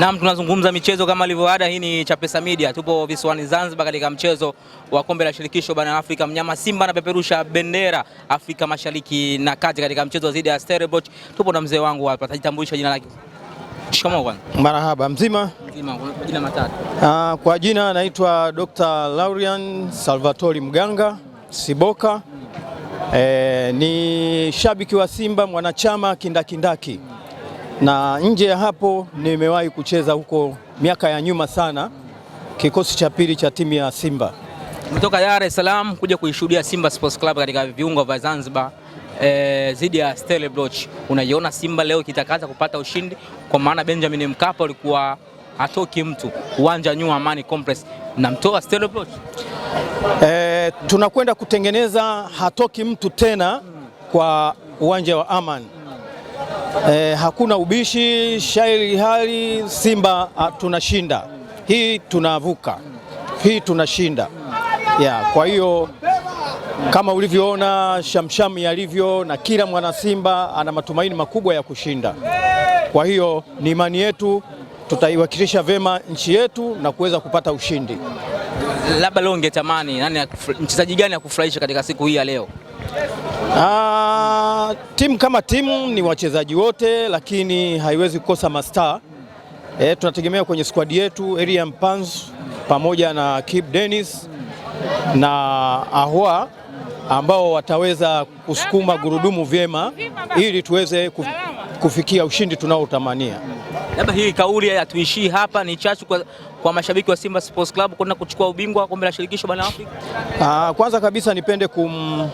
Naam, tunazungumza michezo kama ilivyoada. Hii ni Chapesa Media, tupo visiwani Zanzibar katika mchezo wa kombe la shirikisho barani Afrika. Mnyama Simba anapeperusha bendera Afrika mashariki na kati katika mchezo dhidi ya Stellenbosch. Tupo na mzee wangu hapa, atajitambulisha jina lake. Shikamoo bwana. Marahaba. Mzima? Mzima. Kwa jina matatu. Ah, kwa jina anaitwa Dr. Laurian Salvatori Mganga Siboka. Mm. Eh, ni shabiki wa Simba mwanachama kindakindaki. Mm na nje ya hapo nimewahi kucheza huko miaka ya nyuma sana, kikosi cha pili cha timu ya Simba. Umetoka Dar es Salaam kuja kuishuhudia Simba Sports Club katika viungo vya Zanzibar e, zidi ya Stellenbosch. Unaiona Simba leo kitakaza kupata ushindi, kwa maana Benjamin Mkapa ulikuwa hatoki mtu uwanja nyuma Amani Complex, namtoa Stellenbosch e, eh, tunakwenda kutengeneza hatoki mtu tena kwa uwanja wa Amani eh, hakuna ubishi, shairi hali Simba a, ah, tunashinda hii, tunavuka hii, tunashinda ya. Kwa hiyo kama ulivyoona shamsham yalivyo, na kila mwana Simba ana matumaini makubwa ya kushinda. Kwa hiyo ni imani yetu tutaiwakilisha vema nchi yetu na kuweza kupata ushindi. Labda leo ungetamani nani, mchezaji gani akufurahisha katika siku hii ya leo? Ah, timu kama timu ni wachezaji wote, lakini haiwezi kukosa mastaa. E, tunategemea kwenye squad yetu Eliam pans pamoja na Kip Dennis na Ahwa ambao wataweza kusukuma gurudumu vyema ili tuweze kufikia ushindi tunaotamania. Labda hii kauli hatuishii hapa, ni chachu kwa, kwa mashabiki wa Simba Sports Club kwenda kuchukua ubingwa kombe la shirikisho bara Afrika. Ah, kwanza kabisa nipende kum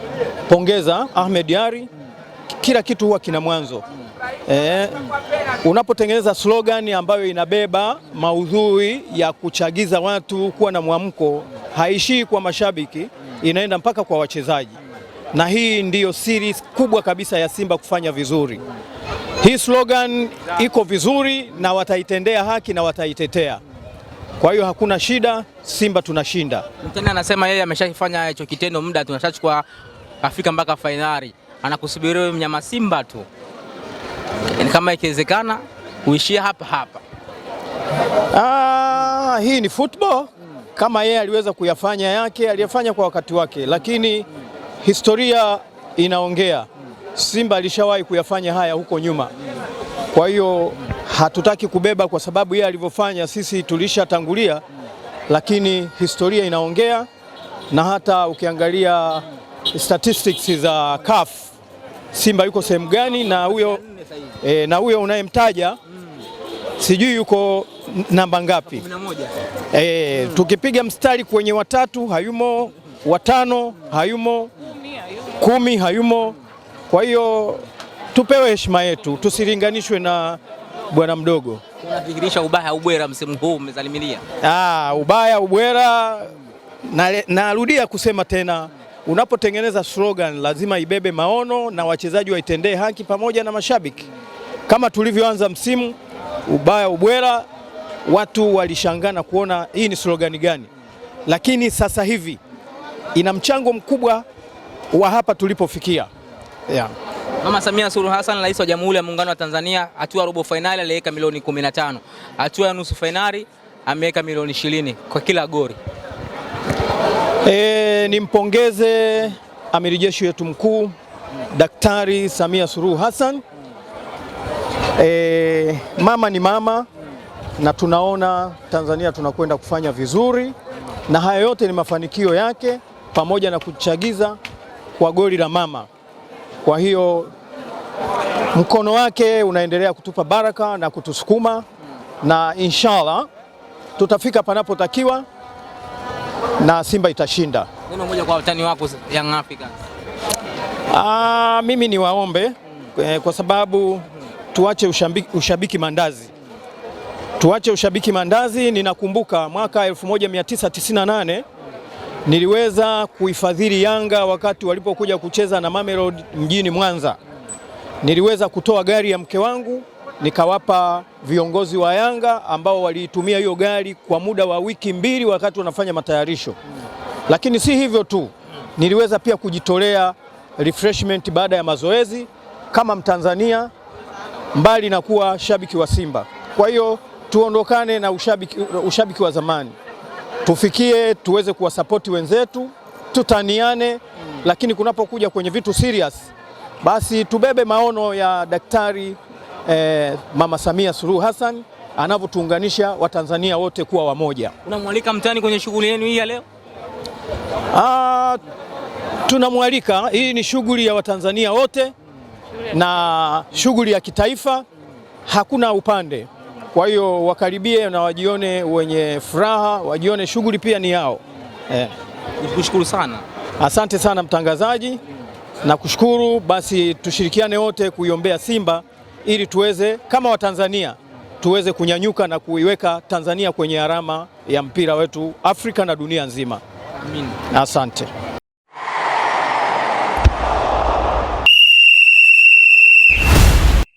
pongeza Ahmed Yari, kila kitu huwa kina mwanzo. eh. unapotengeneza slogan ambayo inabeba maudhui ya kuchagiza watu kuwa na mwamko, haishii kwa mashabiki, inaenda mpaka kwa wachezaji, na hii ndiyo siri kubwa kabisa ya Simba kufanya vizuri. Hii slogan iko vizuri na wataitendea haki na wataitetea. Kwa hiyo hakuna shida, Simba tunashinda. Mtani anasema yeye ameshafanya hicho kitendo muda tunashachukua kafika mpaka fainali, anakusubiri wewe mnyama Simba tu, yaani kama ikiwezekana uishie hapa hapa. Ah, hii ni football kama yeye aliweza kuyafanya yake, aliyafanya kwa wakati wake, lakini historia inaongea Simba alishawahi kuyafanya haya huko nyuma. Kwa hiyo hatutaki kubeba kwa sababu yeye alivyofanya, sisi tulishatangulia, lakini historia inaongea na hata ukiangalia statistics za CAF Simba yuko sehemu gani, na huyo e, na huyo unayemtaja mm. sijui yuko namba ngapi e, mm. tukipiga mstari kwenye watatu hayumo, watano hayumo, kumi hayumo. Kwa hiyo tupewe heshima yetu, tusilinganishwe na bwana mdogo. Unafikirisha ubaya ubwera msimu huu umezalimilia. Ah, ubaya ubwera, narudia na kusema tena unapotengeneza slogan lazima ibebe maono na wachezaji waitendee haki pamoja na mashabiki. Kama tulivyoanza msimu ubaya ubwela, watu walishangana na kuona hii ni slogani gani, lakini sasa hivi ina mchango mkubwa wa hapa tulipofikia, yeah. Mama Samia Suluhu Hassan, Rais wa Jamhuri ya Muungano wa Tanzania, hatua robo fainali aliweka milioni 15, hatua ya nusu fainali ameweka milioni 20 kwa kila gori E, nimpongeze amiri jeshi wetu mkuu Daktari Samia Suluhu Hassan. E, mama ni mama na tunaona Tanzania tunakwenda kufanya vizuri na haya yote ni mafanikio yake pamoja na kuchagiza kwa goli la mama. Kwa hiyo mkono wake unaendelea kutupa baraka na kutusukuma na inshallah tutafika panapotakiwa na Simba itashinda. Neno moja kwa watani wako Young Africans. Ah, mimi ni waombe eh, kwa sababu tuache ushabiki, ushabiki mandazi tuache ushabiki mandazi. Ninakumbuka mwaka 1998 niliweza kuifadhili Yanga wakati walipokuja kucheza na Mamelodi mjini Mwanza, niliweza kutoa gari ya mke wangu nikawapa viongozi wa Yanga ambao waliitumia hiyo gari kwa muda wa wiki mbili wakati wanafanya matayarisho. Lakini si hivyo tu, niliweza pia kujitolea refreshment baada ya mazoezi kama Mtanzania, mbali na kuwa shabiki wa Simba. Kwa hiyo tuondokane na ushabiki, ushabiki wa zamani, tufikie tuweze kuwasapoti wenzetu, tutaniane, lakini kunapokuja kwenye vitu serious basi tubebe maono ya daktari eh, Mama Samia Suluhu Hassan anavyotuunganisha Watanzania wote kuwa wamoja. Unamwalika mtani kwenye shughuli yenu hii ya leo? Ah, tunamwalika. Hii ni shughuli ya Watanzania wote na shughuli ya kitaifa, hakuna upande. Kwa hiyo wakaribie na wajione wenye furaha, wajione shughuli pia ni yao. Eh. Nikushukuru sana. Asante sana mtangazaji, na kushukuru basi, tushirikiane wote kuiombea Simba ili tuweze kama Watanzania tuweze kunyanyuka na kuiweka Tanzania kwenye alama ya mpira wetu Afrika na dunia nzima. Amin. Asante.